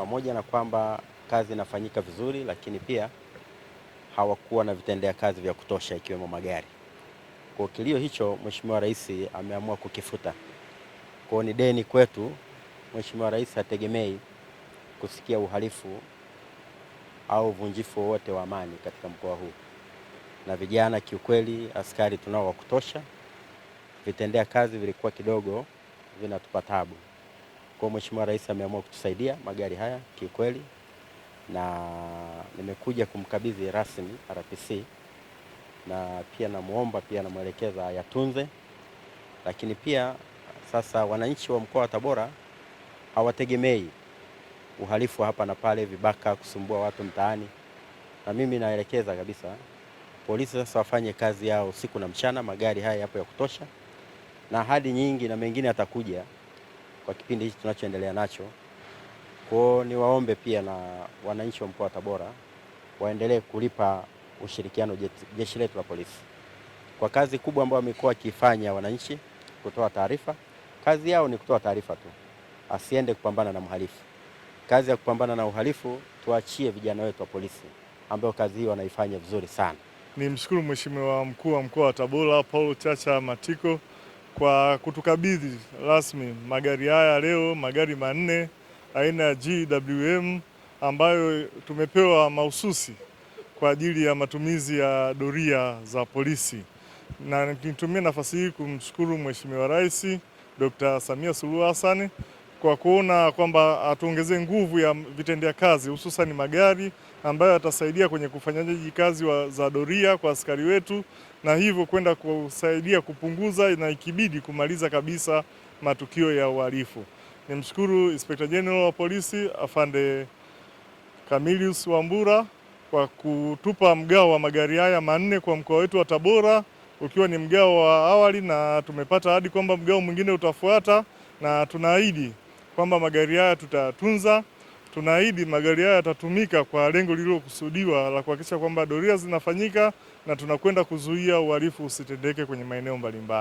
pamoja na kwamba kazi inafanyika vizuri, lakini pia hawakuwa na vitendea kazi vya kutosha ikiwemo magari. Kwa kilio hicho, Mheshimiwa Rais ameamua kukifuta. Kwa ni deni kwetu, Mheshimiwa Rais hategemei kusikia uhalifu au vunjifu wowote wa amani katika mkoa huu, na vijana kiukweli, askari tunao wa kutosha, vitendea kazi vilikuwa kidogo vinatupa taabu. Kwa Mheshimiwa Rais ameamua kutusaidia magari haya kiukweli, na nimekuja kumkabidhi rasmi RPC, na pia namwomba pia namwelekeza yatunze lakini pia sasa wananchi wa mkoa wa Tabora hawategemei uhalifu hapa na pale, vibaka kusumbua watu mtaani, na mimi naelekeza kabisa polisi sasa wafanye kazi yao usiku na mchana. Magari haya yapo ya kutosha, na hadi nyingi na mengine yatakuja kwa kipindi hichi tunachoendelea nacho. Kwao niwaombe pia na wananchi wa mkoa wa Tabora waendelee kulipa ushirikiano jeshi letu la polisi kwa kazi kubwa ambayo wamekuwa wakifanya. Wananchi kutoa taarifa, kazi yao ni kutoa taarifa tu, asiende kupambana na mhalifu. Kazi ya kupambana na uhalifu tuachie vijana wetu wa polisi ambao kazi hiyo wanaifanya vizuri sana. Ni mshukuru Mheshimiwa mkuu wa mkoa wa Tabora Paul Chacha Matiko kwa kutukabidhi rasmi magari haya leo, magari manne aina ya GWM ambayo tumepewa mahususi kwa ajili ya matumizi ya doria za polisi, na nitumie nafasi hii kumshukuru Mheshimiwa Rais Dr. Samia Suluhu Hassan kwa kuona kwamba atuongezee nguvu ya vitendea kazi hususan magari ambayo yatasaidia kwenye kufanyaji kazi za doria kwa askari wetu, na hivyo kwenda kusaidia kupunguza na ikibidi kumaliza kabisa matukio ya uhalifu. Nimshukuru Inspector General wa polisi afande Camillus Wambura kwa kutupa mgao wa magari haya manne kwa mkoa wetu wa Tabora ukiwa ni mgao wa awali, na tumepata hadi kwamba mgao mwingine utafuata na tunaahidi kwamba magari haya tutayatunza. Tunaahidi magari haya yatatumika kwa lengo lililokusudiwa la kuhakikisha kwamba doria zinafanyika na tunakwenda kuzuia uhalifu usitendeke kwenye maeneo mbalimbali.